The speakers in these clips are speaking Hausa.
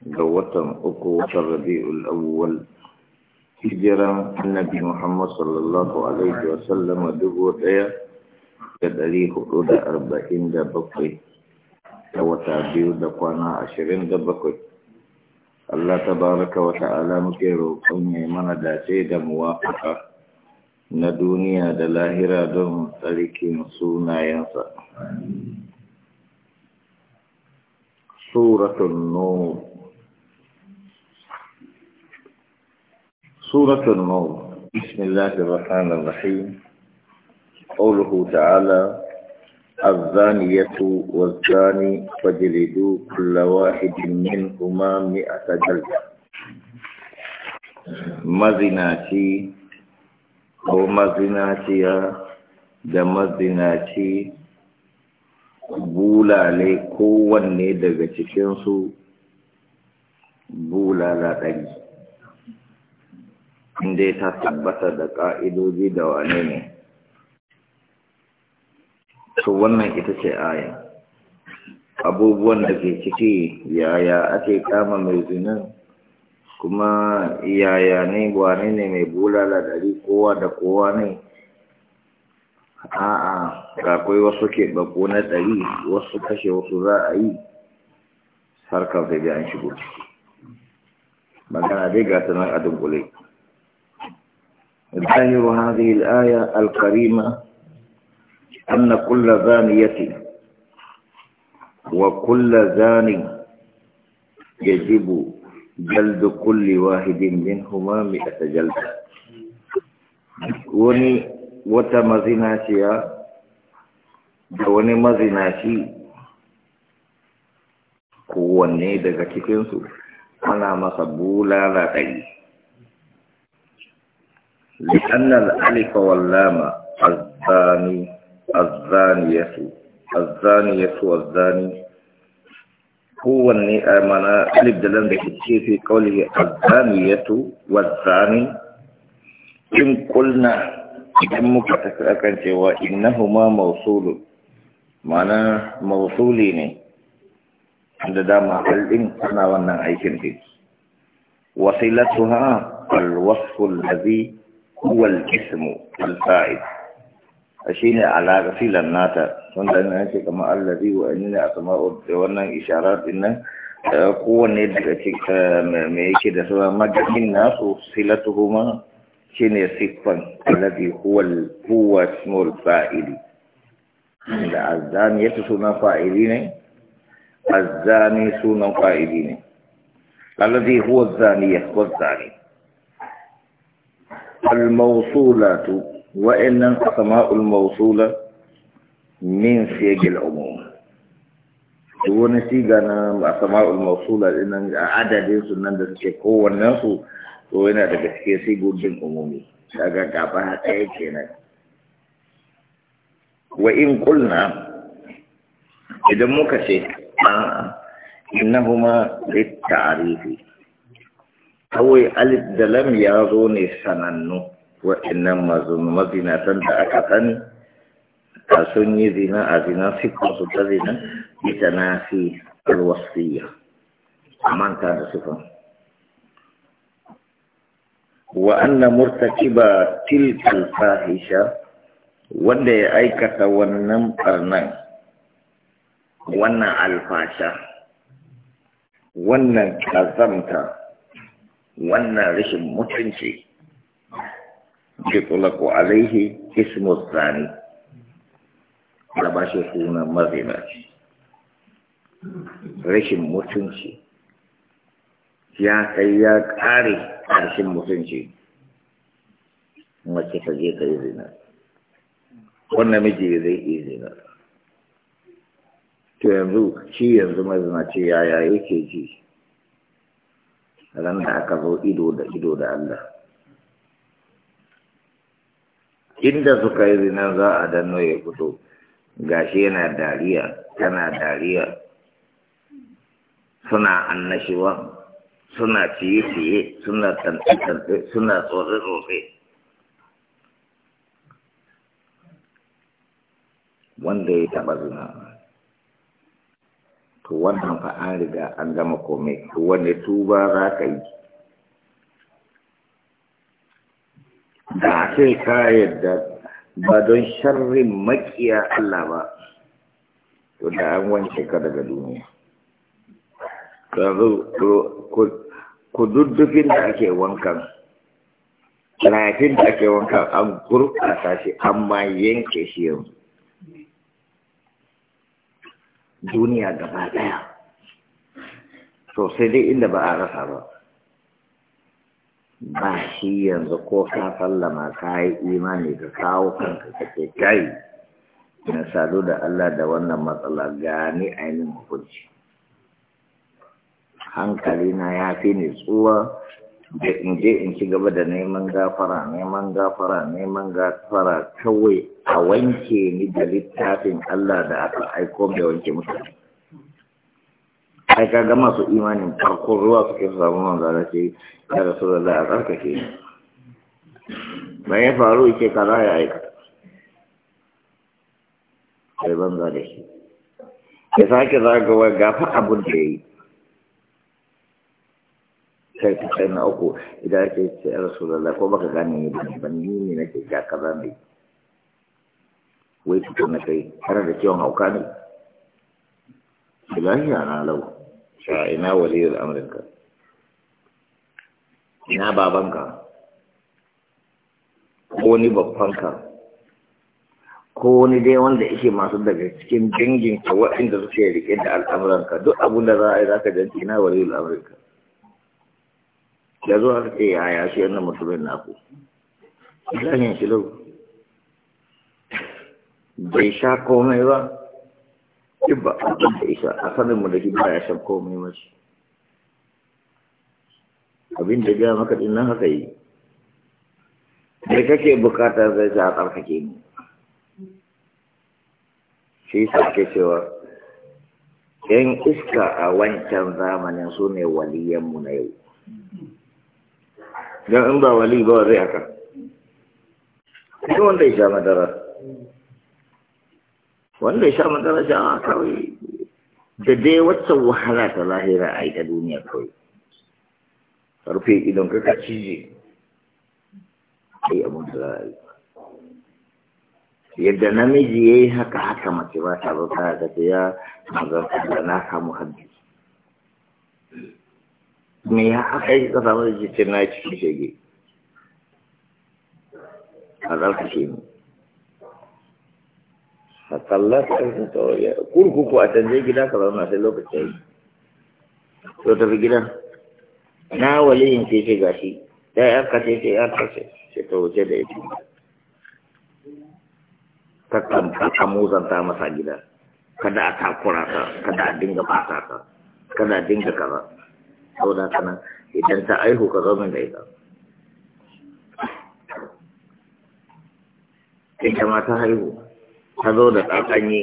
ga watan uku watan rabi'ul awwal hijiran annabi Muhammad sallallahu alaihi wa sallama dubu ɗaya da dari hudu da arba'in da bakwai da wata biyu da kwana ashirin da bakwai Allah ta baraka wa ta'ala muke roƙon ya mana dace da muwafaka na duniya da lahira don tsarkin sunayensa. Suratun Nuh سورة النور بسم الله الرحمن الرحيم قوله تعالى الزانية والزاني فجلدوا كل واحد منهما مئة جلدة مزناتي أو مزناتيا da mazinaci bulale kowanne daga cikinsu bulala ɗari inda ta tabbata da ƙa'idoji da wane ne to wannan ita ce aya abubuwan da ke ciki yaya ake kama mai zinin kuma yaya ne wane ne mai bulala dari kowa da kowa ne a'a akwai wasu ke bako na dari wasu kashe wasu za a yi harkar da an shigo magana dai ga nan a dunkule ظاهر هذه الآية الكريمة أن كل زانية وكل زاني يجب جلد كل واحد منهما مئة جلدة وني مزيناشيا وني مزيناشي كوني daga أنا ana masa لا ɗari لأن الألف واللام الزاني الزانية الزانية والزاني هو النئمنا ألف دلان بحجي في قوله الزانية والزاني إن قلنا جمك تكرك وإنهما موصول معنى موصولين عند دام هل إن أنا وأنا عايشين فيه وصلتها الوصف الذي هو الجسم الفائد أشينا على غسيل الناتا سندن أشي كما الذي وأنني أتماع وأن إشارات إن قوة نيد ميكي دسوا ما جمع الناس وصلتهما شين صفا الذي هو القوة اسمه الفائد الزاني يتسونا فائدين الزاني سونا فائدين الذي هو الزاني يخوى الزاني الموصولة وإن الأسماء الموصولة من سياج العموم wani siga na asama'ul mausula dinan a adadinsu nan da suke kowannen su to yana daga cikin sigogin umumi daga gaba ɗaya kenan wa in idan muka ce innahuma litta'arifi kawai alif da lam ya zo ne sanannu wa'annan mazinatan da aka sani a sun yi zina a zina su ta zina ita na fi alwasiyya a manta da sufan wa'anna murtakiba tilkal fahisha wanda ya aikata wannan barnan wannan alfasha wannan kazamta wannan rashin mutunci ke ko alaihi ismus zani da ba shi sunan mazinaci rashin mutunci ya kai ya ƙare ƙarshen mutunci mace ka je ka yi zina wannan miji zai yi zina to yanzu shi yanzu mazinaci yaya yake ji ran da aka zo ido da ido da Allah inda suka yi zinan za a danno ya fito gashi yana dariya tana dariya suna annashiwa suna ciye-ciye suna tantance suna tsotse-tsotse wanda ya taba zina to wannan fa an riga an gama komai to wanne tuba za ka yi da sai ka yadda ba don sharrin makiya Allah ba to da an wanke ka daga duniya ku duddufin da ake wankan rafin da ake wankan an gurɓata shi amma yanke shi yanzu duniya gaba ɗaya so sai dai inda ba a rasa ba ba shi yanzu ko ka sallama ka yi imani ka kawo kanka ka ce kai na sadu da Allah da wannan matsala gani ainihin hukunci hankali na ya fi ni tsuwa da in je in ci gaba da neman gafara neman gafara neman gafara kawai a wanke ni da littafin Allah da aka aiko mai wanke mutane ai ka ga masu imanin farko ruwa suke samu manzo da ce ya rasulullahi a karkace ni bai ya faru yake kaza ya aika sai banza da shi ya sake zagawa gafa abin da ya yi sai ta kai na uku idan ake ce ya rasu lalla ko baka gane ni ba ban ni ne nake ja kaza ne wai tukun na kai har da ciwon hauka ne bilahi ana lau sha ina waliyar amurka ina babanka ko ni babbanka ko wani dai wanda yake masu daga cikin dangin ka waɗanda suke rike da al'amuranka duk abin da za a yi za ka janci na waliyar amurka ya zo aka yaya shi wannan mutumin naku ilahin shi lau bai sha komai ba ba abin da isa a sanin mu da shi ba ya sha komai mashi abin da gaya maka dinnan haka yi da kake bukata zai a tsarkake ni shi sa ke cewa yan iska a wancan zamanin su ne waliyanmu na yau don in ba wali ba zai haka duk wanda ya sha madara wanda ya sha madara sha a kawai da dai wacce wahala ta lahira a yi ta duniya kawai karfe idan ka cije ai abin da yadda namiji ya yi haka haka mace ba ta zo ta haka ya mazan da na samu hadisi me ya aka yi ka samu rikicin na cikin shege a zarfashe ne a kallar ƙarfin tauriya kurkuku a canje gida ka zauna sai lokaci ya yi to tafi gida na waliyin sai ce gashi ta yi aka ce sai aka ce sai ta wuce da ita ta kamfata muzanta masa gida kada a takura ka kada a dinga fata ka kada a dinga kaza saboda nan idan ta aihu ka zo min da ita ita ma ta haihu ta zo da ɗanɗanye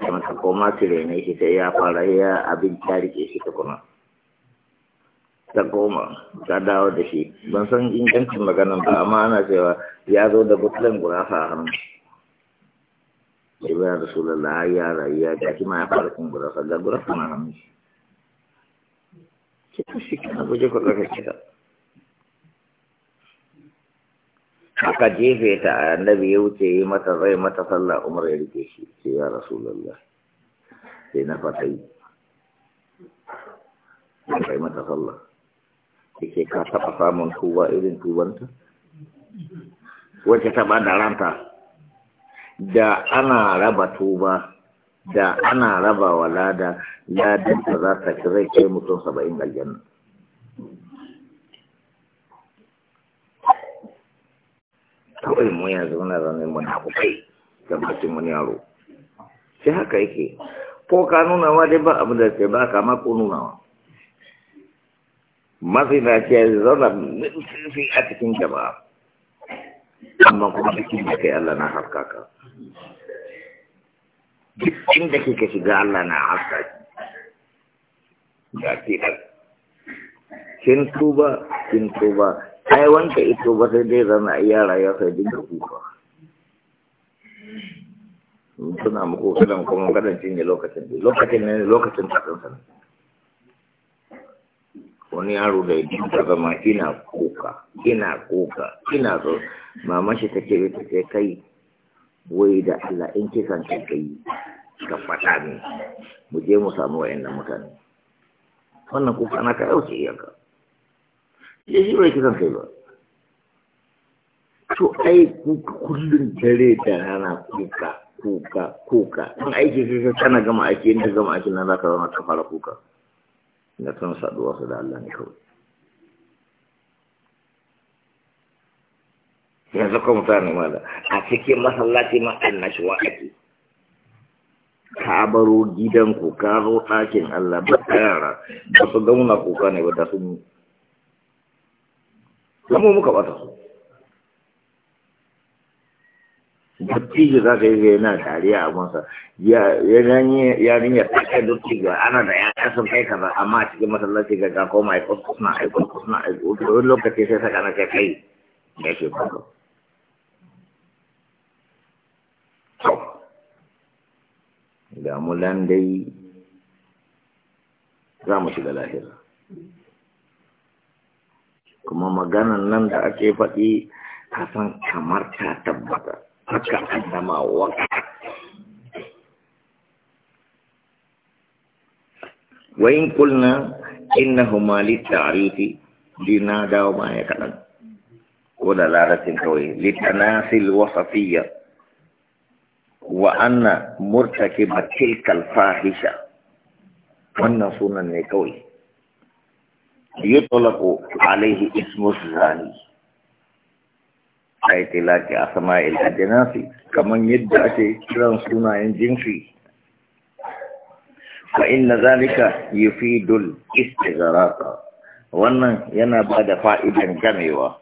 ta mata koma su rene shi sai ya fara ya abin ta rike shi ta kuma ta koma ta dawo da shi ban san ingancin maganin ba amma ana cewa ya zo da butulan gurafa a hannu da rasulullah ya rayu ya gashi ma ya fara cin gurasa ga gurasa na hannun shi Aka jefe ta annabi ya wuce yi mata zai mata sallah umar ya rike shi sai ya rasulullah sai na fatai ya kai mata sallah yake ka taɓa samun tuba irin tubanta wacce taɓa da ana raba tuba da ana raba wa lada ladan da za ta ci zai kai mutum saba'in aljanna kawai mu yanzu muna zaune muna kukai da mutum wani yaro sai haka yake ko ka nuna ma dai ba abu da sai ba ka ma ko nuna wa mafi na ce zauna fi a cikin jama'a amma kuma cikin da kai Allah na haskaka duk inda kike shiga Allah na haska ki ga kiɗan kin tuba kin tuba ai wanka ito ba sai dai zama iya rayuwa sai da kuka suna muku kadan kuma kadan cinye lokacin da lokacin ne lokacin kadan sana wani yaro da yake ta zama ina kuka ina kuka ina zo mama shi take ta ce kai wai da Allah in kisan kai kai ka fata ne mu je mu samu da mutane wannan kuka na ka yau ce iyaka ya shi bai kisan kai ba to ai kuka kullum dare da rana kuka kuka kuka in aiki sai ka kana gama aiki inda gama aiki nan zaka zama ta fara kuka da san saduwa su da Allah ne kawai yanzu ta mutane da, a cikin masallaci ma annashuwa ake ka baro ku ka zo ɗakin Allah ba yara ba su gauna kuka ne ba da sun lamu muka bata su dattijo za ka yi yana dariya a masa yarin ya ɗaƙa dattijo ana da ya sun kai kaza amma a cikin masallaci ga ga koma aikon kusna aikon kusna aikon wani lokaci sai saka na kai kai ya ke kuka da mu landai za mu shiga lahira kuma maganan nan da ake faɗi san kamar ta tabbata haka an zama waka wayin kulna innahuma litta'rifi dina dawo ma ya kaɗan ko da larasin kawai littanasil wasafiyya wa anna murtakiba tilkal fahisha wannan sunan ne kawai yutlaqu alaihi ismu zani ai tilaki asma'il ajnasi kaman yadda ake kiran sunayen jinsi fa inna zalika yufidul istighraqa wannan yana ba da fa'idan gamewa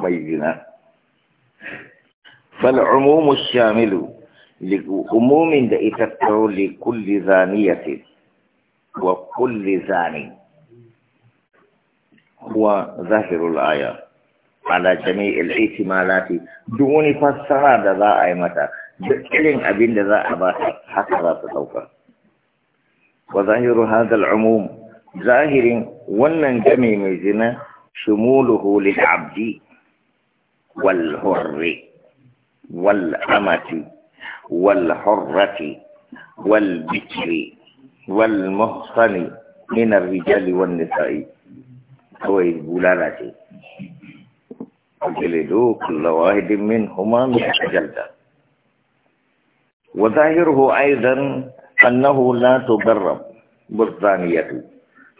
mai zina fal umumu shamilu لعموم ده لكل زانية وكل زاني هو ظاهر الآية على جميع الاحتمالات دون فسرة ذا أيمتا بكلم أبين ذا حتى لا تتوقع وظاهر هذا العموم ظاهر ون جميع مزنا شموله للعبد والهر والأمة والحرة والبكر والمحصن من الرجال والنساء كوي بولالاتي وجلدوا كل واحد منهما مئة جلدة وظاهره أيضا أنه لا تضرب بالثانية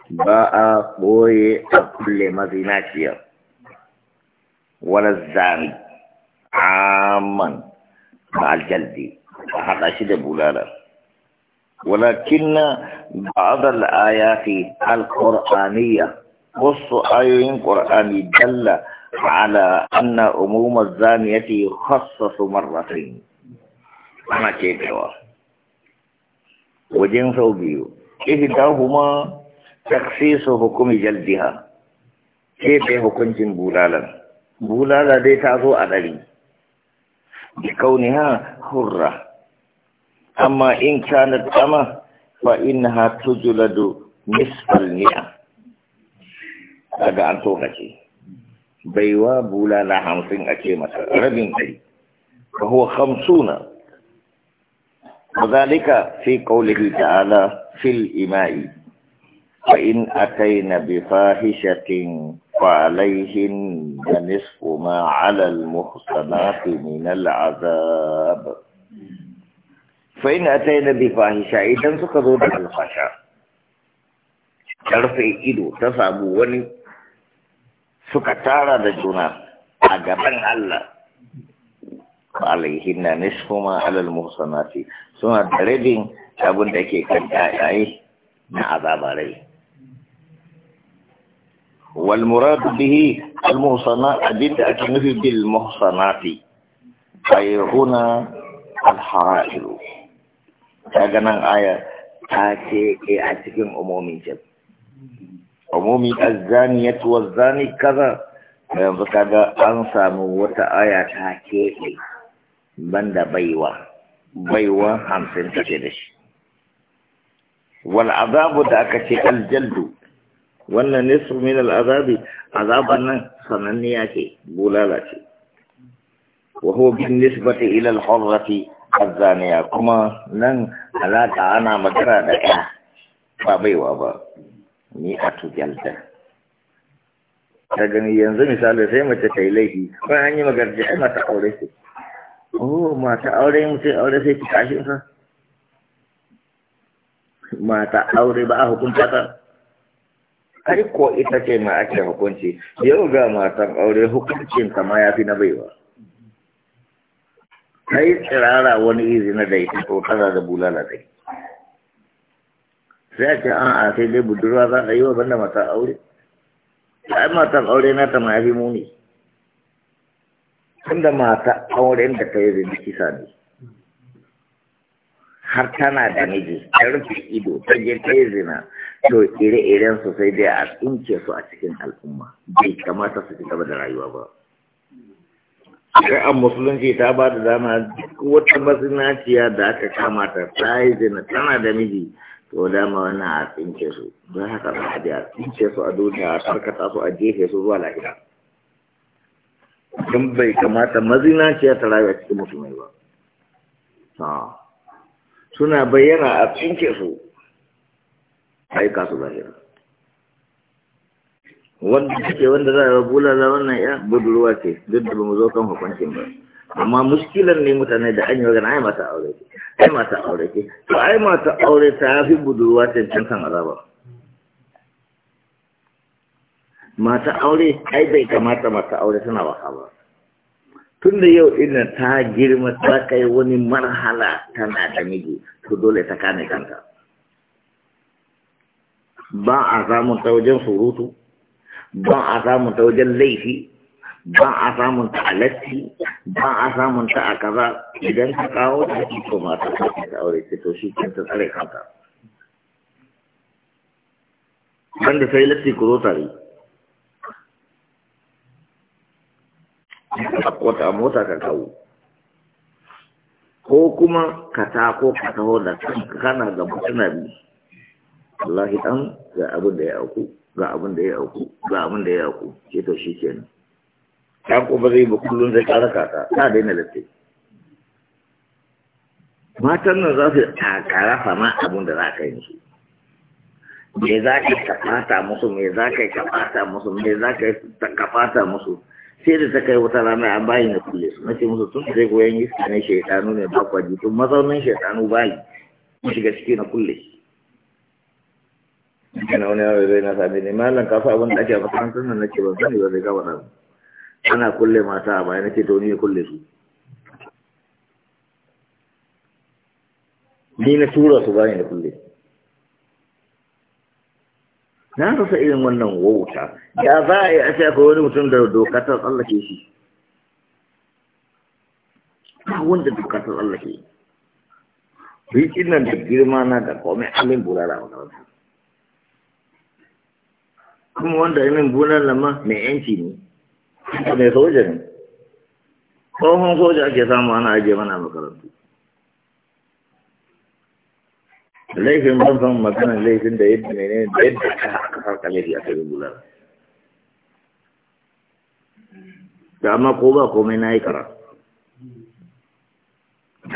باء بوي أكل مزيناتية ولا الزاني عاما مع الجلد فحقا شد بولالا ولكن بعض الآيات القرآنية قص آية قرآني دل على أن أموم الزانية يخصص مرتين أنا كيف وجن ثوبي إحداهما تخصيص حكم جلدها كيف كنت بولالا بولالا دي تازو أدري Kaunin ha, hurra. Amma in cana da dama, fa ina ha tujulado misfurnia. Daga an toka ki. bulala hansi a ke masa. Rabin kai, ka hohamsu na. Mazaalika fi ƙaule hi ta ala fili e mai. na bi fa وعليهن نصف ما على المحصنات من العذاب فإن أتينا بفاحشة إذا سكروا الفحشة karfe ido ta samu wani suka tara da juna a gaban Allah alaihin na nisfu ma alal muhsanati suna da rabin abin da ke kan ƴaƴaye na azabarai wal murad bihi al muhsana adid akinufi bil muhsanati khairuna al harail kaga nan aya ta ce ke a cikin umumi ce umumi azzaniyat wa zani kaza yanzu kaga an samu wata aya ta ke banda baiwa baiwa hamsin ce da shi wal azabu da aka ce al jaldu wannan nisfu min al'azabi azaban nan sananniya ce bulala ce wa huwa bin nisbati ila al-hurrati azaniya kuma nan alaka ana magana da ya ba baiwa ba ni a tujalta ta gani yanzu misali sai mace ta yi laifi Ko an yi magarji ai mata aure ce oh mata aure mutum aure sai ki kashin sa mata aure ba a hukunta ta ai ko ita ce ma ake hukunci yau ga matan aure hukuncin ta ma ya fi na baiwa yi tsirara wani izina na ita ko tana da bulala dai sai a ce an a sai dai budurwa za a yi wa banda matan aure ai matan aure na ta ma ya fi muni tunda mata auren da ta yi zai kisa ne har tana da miji ta rufe ido ta je ta yi zina to ire-iren su sai dai a tsinke su a cikin al'umma bai kamata su ci gaba da rayuwa ba shari'ar musulunci ta ba da dama duk wata masinaciya da aka kamata ta yi zina tana da miji to dama wannan a tsinke su don haka ba a a tsinke su a duniya a tarkata su a jefe su zuwa lahira don bai kamata mazinaciya ta rayu a cikin musulmai ba ah. suna bayyana a tsinke su aika su lahira wanda take wanda za a yi bulala wannan ya budurwa ce duk da ba mu zo kan hukuncin ba amma muskilan ne mutane da an yi magana ai mata aure ce ai mata aure ce to ai mata aure ta fi budurwa cancan kan azaba mata aure ai bai kamata mata aure tana wahala. ba tun da yau ina ta girma ta kai wani marhala tana da miji to dole ta kame kanta ba a samun ta wajen surutu ba a samun ta wajen laifi ba a samun ta a latti ba a samun ta a kaza idan ka kawo ta iko masu kafin ta aure ce to shi kanta tsare kanta wanda sai latti ku zo tare wata mota ka kawo ko kuma ka tako ka taho da kanka kana ga mutuna bi wallahi dan ga abin da ya auku ga abin da ya auku ga abin da ya auku ke to shi kenan. ta ko ba zai ba kullun zai ƙara kaka ta daina latte matan nan za su takara fama abin da za ka yi musu me za ka yi fata musu me za ka yi fata musu me za ka yi fata musu sai da ta kai wata rana a bayi na kulle su ce musu tun sai goyon iska ne shaitanu ne ba kwaji tun mazaunin shaitanu bayi mu shiga ciki na kulle kana wani yaro zai na sami ne mallan ka fa abin da ake a makarantar nan nake ban sani ba zai gaba na ana kulle mata a bayan nake tauni ya kulle su ni na tura su bayi na kulle na rasa irin wannan wauta da za a yi a ce akwai wani mutum da dokatar ta tsallake shi ba wanda doka ta tsallake rikin nan da girma na da komai alin bulala a wani kuma wanda yanin bulan lama mai yanci ne mai soja ne tsohon soja ake samu ana ajiye mana makarantu laifin ban san magana laifin da yadda ne da yadda ka aka farka laifi aka yi bular da amma ko ba komai na yi kara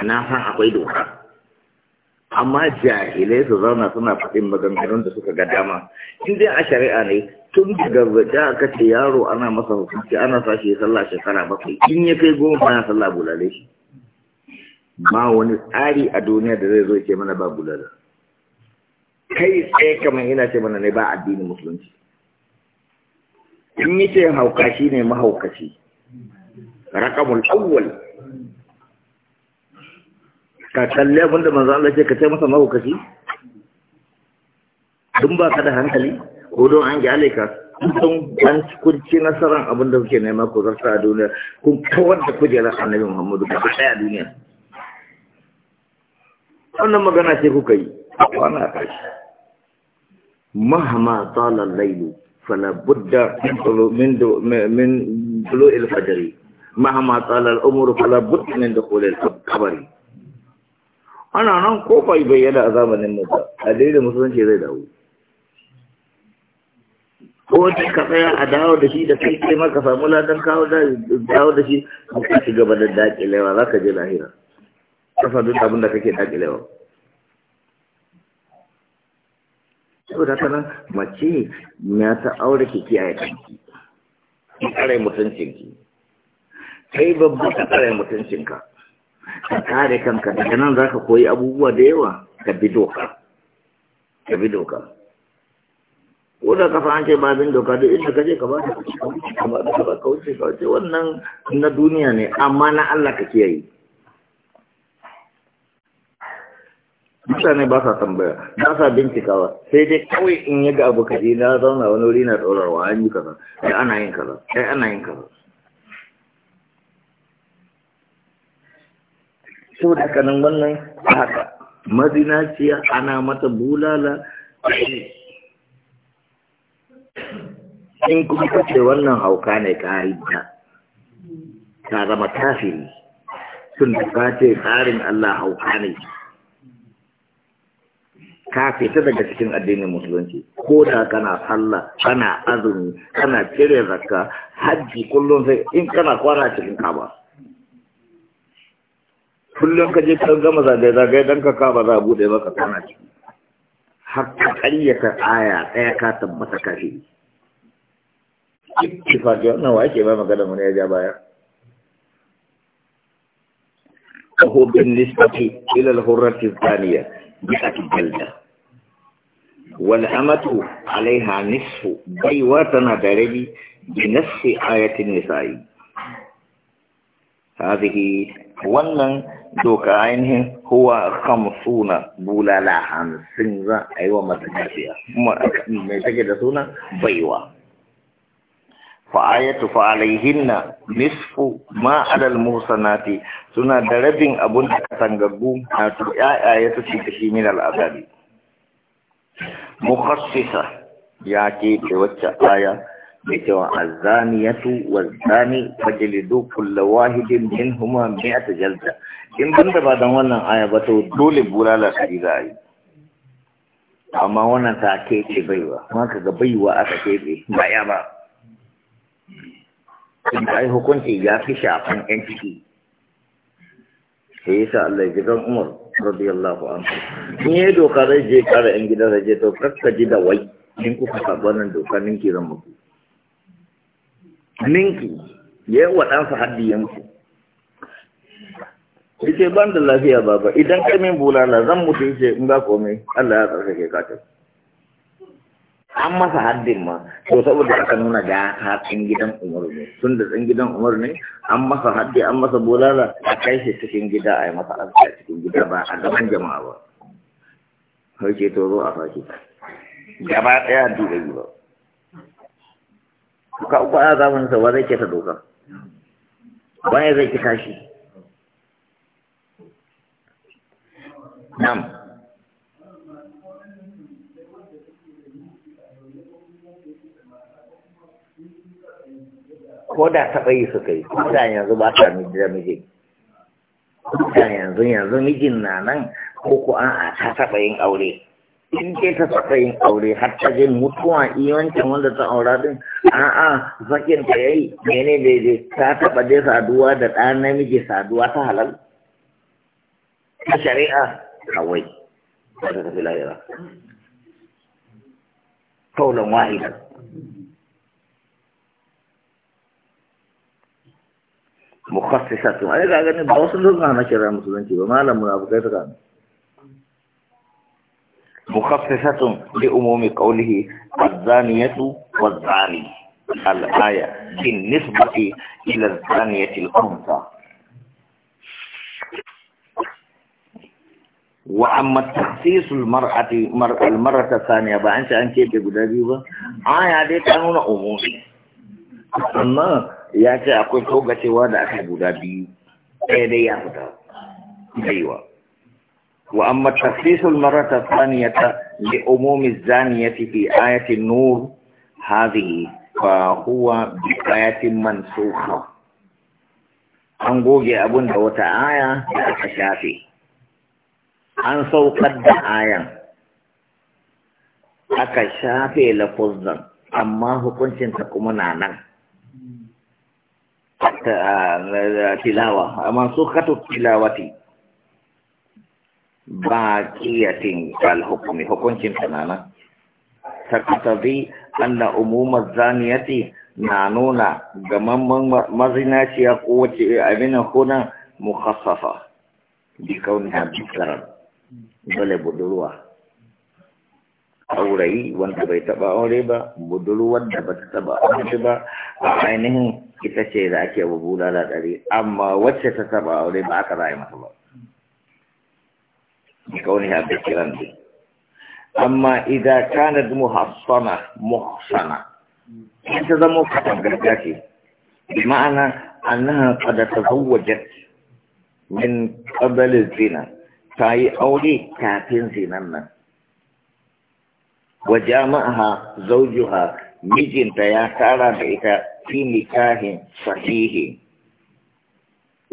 na san akwai doka amma jahilai su zauna suna faɗin maganganun da suka ga dama in dai a shari'a ne tun daga bada aka ce yaro ana masa hukunci ana sa shi sallah shekara bakwai in ya kai goma ana sallah bulale shi ba wani tsari a duniya da zai zo ke mana ba bulala kai tsaye kamar ina ce mana ne ba addinin musulunci in yi ce haukashi ne mahaukashi rakamul awwal ka kalli abinda manzo Allah ce ka ce masa mahaukashi dun ba ka da hankali ko don an gyale ka don an kun ci nasarar abinda kuke nema ku zarta a duniya kun kawar da kujerar annabi Muhammadu ka ku a duniya wannan magana ce kuka yi kwana a ƙarshe مهما طال الليل فلا بد من من طلوع الفجر مهما طال الامر فلا بد من دخول القبر أنا أنا كوفا يبين أذاب النموذج هذه المسلمين شيء زي داو ko wata ka tsaya a dawo da shi da kai kai maka samu ladan kawo da dawo da shi ka ci gaba da dakilewa za ka je lahira ka sadu da abin da kake dakilewa saboda haka nan mace na ta aure ki kiyaye kanki ki tsare mutuncinki kai babba ka tsare mutuncinka ka kare kanka daga nan za ka koyi abubuwa da yawa ka bi doka ka bi doka ko da kafa an ce babin doka duk inda kaje ka ba ka kauce ka ba ka kauce ka kauce wannan na duniya ne amma na Allah ka kiyaye mutane ba sa tambaya ba sa bincikawa sai dai kawai in yi ga abu kaji na zauna wani wuri na tsorarwa an yi kaza sai ana yin kaza sai ana yin kaza saboda haka nan wannan haka mazinaciya ana mata bulala in kuma kace wannan hauka ne ka haidda ta zama kafiri sun da ce tsarin Allah hauka ne ka fita daga cikin addinin musulunci ko da kana sallah kana azumi kana cire zakka hajji kullum sai in kana kwana cikin kaba kullum ka je kan gama zagaye zagaye dan ka kaba za a bude maka kwana ciki har ka ƙaryata aya ɗaya ka tabbata kafi ittifaqi wannan wa ake ba magana mun ya ja baya ko bin nisbati ila al-hurrati thaniya bi akil والأمة عليها نصف بيواتنا داربي بنصف آية النساء هذه ونن دوك عينه هو خمسون بولا لا خمسين أيوة ما تكفيها ما تكفيها سونا فآية فعليهن نصف ما على المحصنات سنة دربين أبون تكتنغبون آية تشيكشي من الأغاني mukhassisa ya ke da wacce aya da cewa azaniyatu wazani fajlidu kullu wahidin minhuma mi'ata jalda in banda ba dan wannan aya ba to dole bulala kadi za yi amma wannan ta ce baiwa kuma kaga baiwa aka keke ba ya ba inda ai hukunci ya fi shafan yan ciki sai yasa Allah ya ji Umar radiyallahu anhu in yayi doka zai je kare yan gida zai je to kakka ji da wai in kuka saba nan doka ki zan muku ninki yayi wa ɗansa haddi yanku yace ban da lafiya baba idan kai min bulala zan mutu yace in ga komai Allah ya ke ka an masa haddin ma to saboda aka nuna ga hatsin gidan umar ne tun da tsan gidan umar ne an masa haddi an masa bolala a kai shi cikin gida a yi masa arziki a cikin gida ba a gaban jama'a ba hauke to zo a fashe gaba ɗaya haddi da yi ba ka uku a zamanin sa ba zai ta doka ba ya zai kika shi nam ko da taɓa yi su kai ko da yanzu ba ta da mijin da yanzu yanzu mijin na nan ko ko a ta taɓa yin aure in ke ta taɓa yin aure har ta je mutuwa iyancin wanda ta aura din a'a zakin ta yayi mene daidai ta taɓa dai saduwa da ɗa namiji saduwa ta halal ta shari'a kawai ta tafi lahira kaulan wahida مخصصة انا لعموم قوله الزانية والزاني الآية بالنسبة إلى الزانية الأنثى وأما تخصيص المرأة المرأة الثانية بعد أن كيف يقول هذه آية هذه كانوا عمومي ya ce akwai cewa da aka guda biyu ɗaya dai ya fita daiwa wa amma tafisul marata tsaniyata li umumi zaniyati fi ayatin nur hadhihi fa huwa bi ayatin mansukha an goge abun da wata aya da aka shafe an saukar da ayan aka shafe lafuzzan amma hukuncinta kuma na nan tilawa masu katu tilawati ba kiyatin alhukumi hukuncin tunanan takatabi anna umumar zaniyati na nuna mazina shi ko wace abin hunan mukhassafa bi kauniha bikaran dole budurwa aurayi wanda bai taba aure ba budurwar da ba ta taba aure ba a ainihin ita ce da ake bubula da ɗari amma wacce ta saba, aure ba aka zai masa ba kauni ha da kiran dai amma idan kanat muhassana muhsana in ta zama kasan gargashi ma'ana annaha qad tazawwajat min qabl zina ta yi aure kafin zinan nan wa jama'aha zaujuha mijinta ya tara da ita fi nikahin sahihi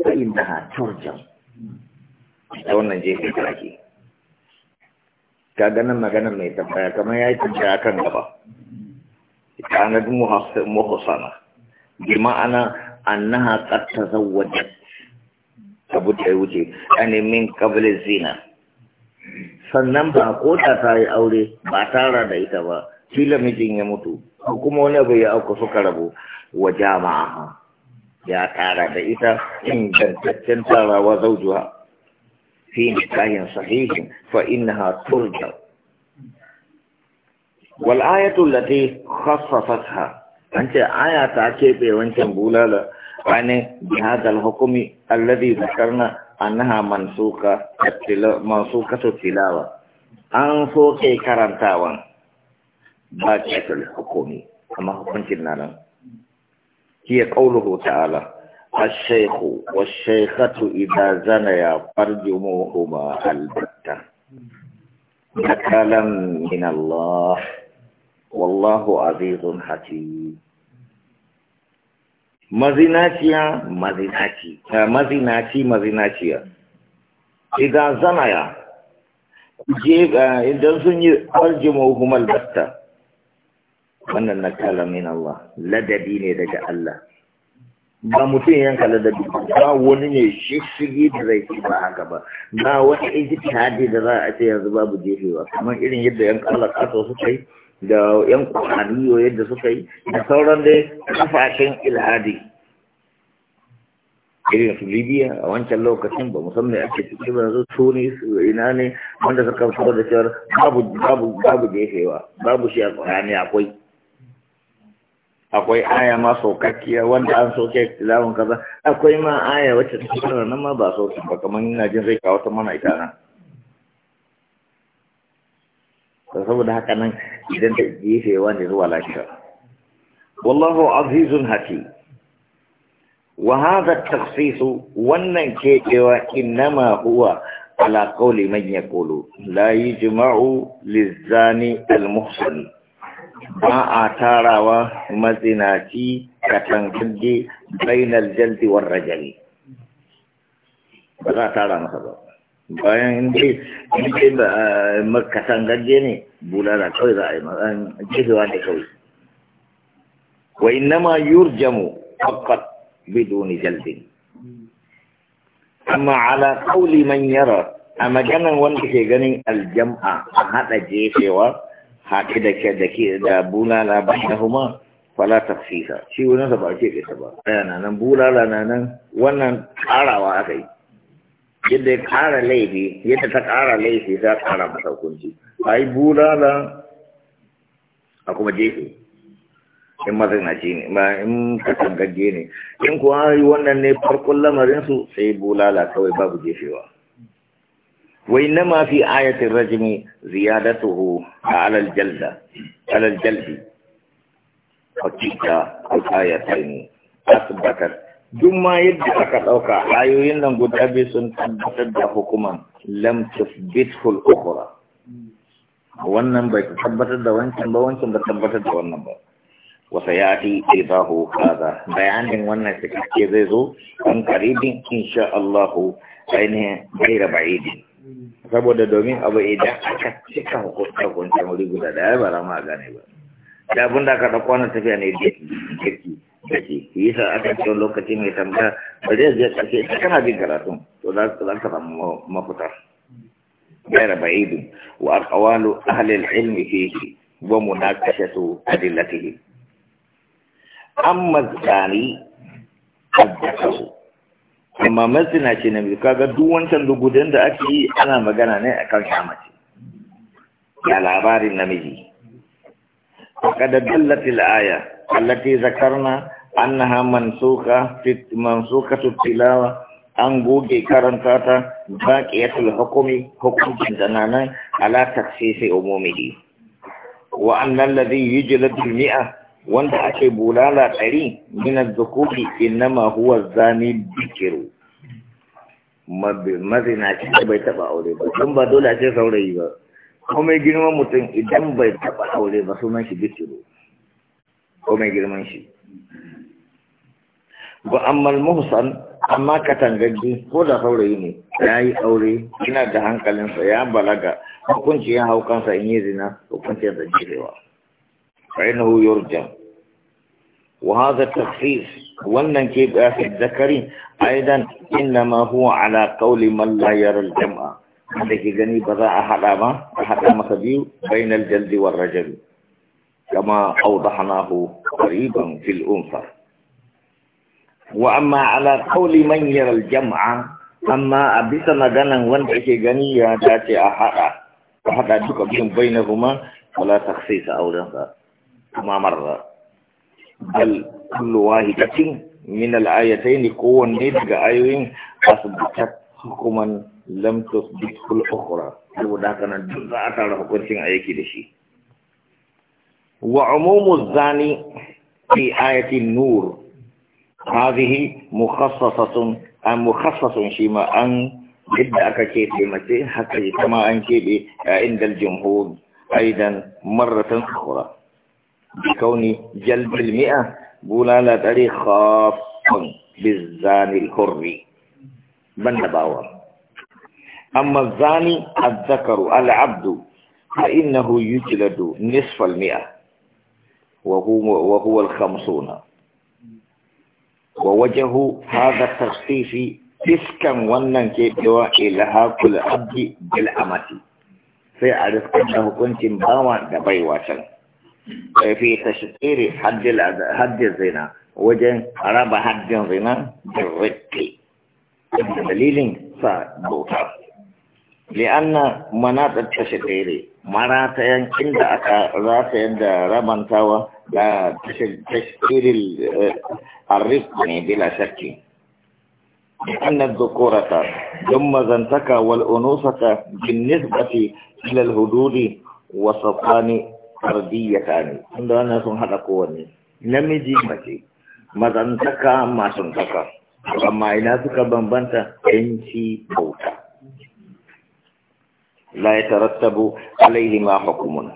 ta inda ha turjan ta wannan jefi kaki ga ganin maganin mai tabbaya kamar ya yi tunce a kan gaba tanar muhassana girma ana annaha tsarta zawwajen abu da ya wuce a nemin kabilin zina sannan ba ko ta ta yi aure ba tara da ita ba fi mijin ya mutu ko kuma wani abu ya auku suka rabu wa jama'a ya tara da ita ingantaccen tarawa zaujuwa fi kayan sahihin fa innaha turja wal ayatu lati khaffafatha an ce aya ta keɓe wancan bulala wani bihadal hukumi alladhi zakarna annaha mansuka mansuka tilawa an soke karantawan باجئة الحكومي كما قلت لنا نعم. هي قوله تعالى الشيخ والشيخة إذا زنيا فرجموهما البتة نكالا من الله والله عزيز حكيم مزيناتيا مزيناتي آه، مزيناتي مزيناتيا إذا زنيا جيب آه، إذا زنيا فرجموهما البتة wannan na kala min Allah ladabi ne daga Allah ba mutum yanka ladabi ba wani ne shishigi da zai ci ba haka ba ba wani ijtihadi da za a ce yanzu babu jefewa kamar irin yadda yan Allah kaso suka yi da yan kwaniyo yadda suka yi da sauran dai kafashin ilhadi irin su libya a wancan lokacin ba musamman ce cikin ba yanzu tuni su ina ne wanda suka fito da cewar babu babu babu jefewa babu shi a kwani akwai akwai aya ma saukakkiya wanda an soke tilawun kaza akwai ma aya wacce ta fara nan ma ba sauki ba kamar ina jin zai kawo ta mana ita nan to saboda haka nan idan ta gefe wanda zuwa lafiya wallahu azizun haki wa hadha at-takhsis wannan kekewa innama huwa ala qawli man yaqulu la yajma'u lizani al-muhsin ba a tarawa mazinaci katangagge bainal jaldi war rajali ba za a tara masa ba bayan inda ba eh, katangagge ne bulala kawai za a yi matsan jihuwa da kawai wa jamu? yurjamu bidu biduni jalti. amma ala qawli man yara a maganan wanda ke ganin aljam'a a hada jefewa haɗe da ke da ke da bulala bayan kuma fala tafsisa shi wani da ba ke ke ta ba ɗaya na nan bulala na nan wannan karawa aka yi yadda ya kara laifi yadda ta kara laifi za kara masa hukunci a yi bulala a kuma jefe in mazinaci ne ba in katangagge ne in kuwa yi wannan ne farkon lamarinsu sai bulala kawai babu jefewa وإنما في آية الرجم زيادته على الجلد على الجلد حقيقة الآية تلني أثبتت ثم يد أوكا آيوين لن قد أبس تبتد حكما لم تثبته الأخرى وانن بيت تبتد وانشن بوانشن تبتد وانن بيت وسيأتي إيضاه هذا بيان من وانا سكتيزيزو أن قريب إن شاء الله أين غير بعيدين saboda domin abu idan aka cika hukunce wuri guda da ya bara ma gane ba da abin da aka ɗauko na tafiya ne jirki jirki yi sa aka cikin lokaci mai tamta ba zai zai ƙarshe ta kana bin karatun to za ka samu mafita gaira ba'idin wa alƙawalu ahalil ilmi fihi wa munakashatu adillatihi amma zani addakahu amma mazina ce na kaga duk wancan lugudan da ake yi ana magana ne a kan shamace ya labarin namiji kada dallatil aya allati zakarna annaha mansuka fit mansukatu tilawa an goge karanta ta baqiyatul hukumi hukumin zananan ala taksisi umumi wa anna alladhi yujladu mia wanda ake bulala ɗari minar zukuri innama huwa zani bikiru mazinaci da bai taɓa aure ba don ba dole ce saurayi ba kome girman mutum idan bai taɓa aure ba sunan shi bikiru kome girman shi ba ammal muhsan amma katangaggi ko da saurayi ne ya yi aure yana da hankalinsa ya balaga hukunci ya hau kansa in yi zina hukuncin ya jirewa فإنه يرجى وهذا التخفيف والنجيب أخي الذكري أيضا إنما هو على قول من لا يرى الجمع عندك جني بضاعة حلامة حلامة كبير بين الجلد والرجل كما أوضحناه قريبا في الأنصر وأما على قول من يرى الجمع أما أبسنا مجانا وانتك جني يا ذاتي أحدا وحتى تكبين بينهما ولا تخصيص أولا كما مر بل كل واحدة من الآيتين قوة نيدك آيوين أثبتت حكما لم كل أخرى الأخرى وداكنا جزاء على حكم سين آيكي دشي وعموم الزاني في آية النور هذه مخصصة أم مخصصة شيما أن جدا aka keɓe mace كما أنكي عند الجمهور أيضا مرة أخرى بكون جلب المئة بولا تري خاص بالزاني الحر من نباوة أما الزاني الذكر العبد فإنه يجلد نصف المئة وهو, وهو الخمسون ووجه هذا التخصيص تسكا wannan كيبوا إلى abdi bil بالأمتي فيعرف أنه كنت مباوة دبي bawa في تشكيل حد حد الزنا وجن رب حد الزنا بالرق دليل صادق لأن مناط التشكيل مراتين يعني عند أكارات عند ربان توا تشكيل الرق بلا شك لأن الذكورة ثم زنتك والأنوثة بالنسبة إلى الهدود وسلطان tarbiyatani inda wannan sun haɗa kowanne namiji mace mazantaka masuntaka amma ina suka bambanta yanci bauta la yatarattabu alaihi ma hukumun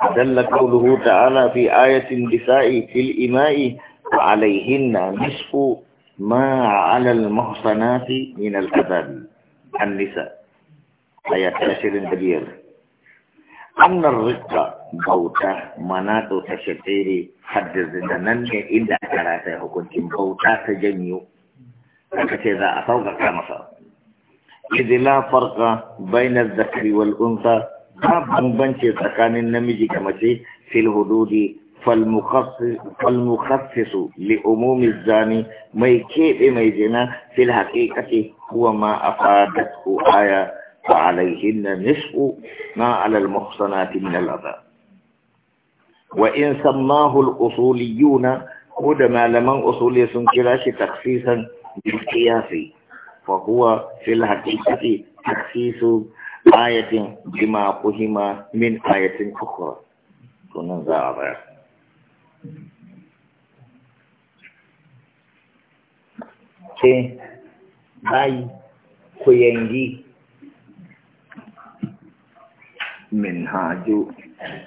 adalla qawluhu ta'ala fi ayatin nisa'i fil ima'i alaihinna nisfu ما على المحصنات من العذاب النساء آيات عشر كبير أن الرق بوتا مناتو تشتيري حد زدنن إلا كراتي حكوتي بوتا تجنيو فكتي ذا أفوغا إذ لا فرق بين الذكر والأنثى باب بنشي تكان النمجي كمسي في الهدود فالمخصص لأموم الزاني مي كيب مي زنا في الحقيقة هو ما أفادته آية فعليهن نسق ما على المحصنات من الأذى وإن سماه الأصوليون ما لمن أصولي سنكراش تخصيصا بالقياس فهو في الحقيقة تخصيص آية بما فهم من آية أخرى كنا زعبا ce bai ku yangi min haju